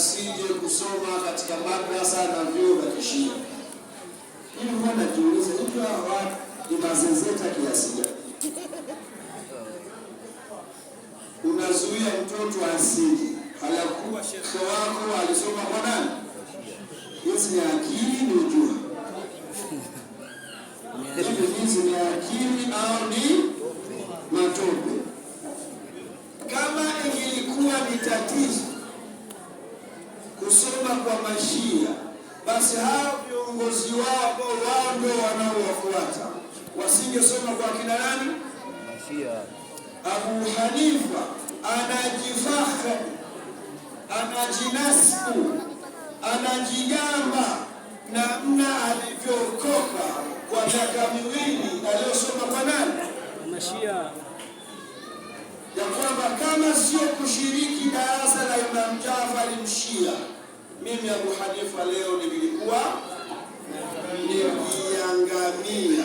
wasije kusoma katika madrasa na vyuo vya kishia. Hivi huwa najiuliza hivi hawa ni mazezeta kiasi gani? Unazuia mtoto asije, halafu shekhe wako alisoma kwa nani? Hizi ni akili ni ujua. Hivi hizi ni akili au ni matope? Kama ingilikuwa ni tatizo kusema kwa Mashia, basi hao viongozi wao wao ndio wanaowafuata. Wasingesoma kwa kina nani? Mashia. Abu Hanifa anajifakhari, anajinasu anajigamba namna alivyokoka kwa miaka miwili aliyosoma kwa nani? Mashia ya kwamba kama sio kushiriki darasa la Imam Jafari mshia mimi Abu Hanifa leo nilikuwa nikiangamia.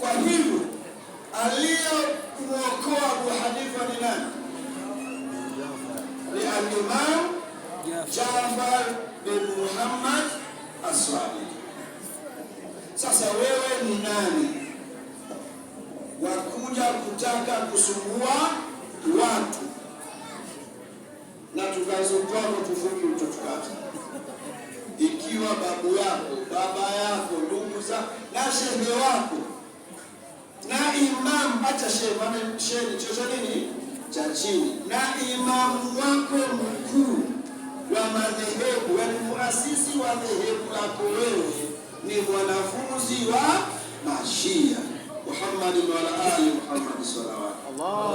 Kwa hivyo aliyemwokoa Abu Hanifa ni nani? Ni Alimam Jafar bin Muhammad Aswadi. Sasa wewe ni nani? kuja kutaka kusumbua watu na tukazungua kutufuki utotukata. Ikiwa babu yako baba yako ndugu za na shehe wako na imamu, hata shehe, shehe ni nini cha chini, na imamu wako mkuu wa madhehebu, yaani muasisi wa dhehebu lako wewe ni mwanafunzi wa Mashia. Muhammadin wa ala ali Muhammad sallallahu alaihi wasallam.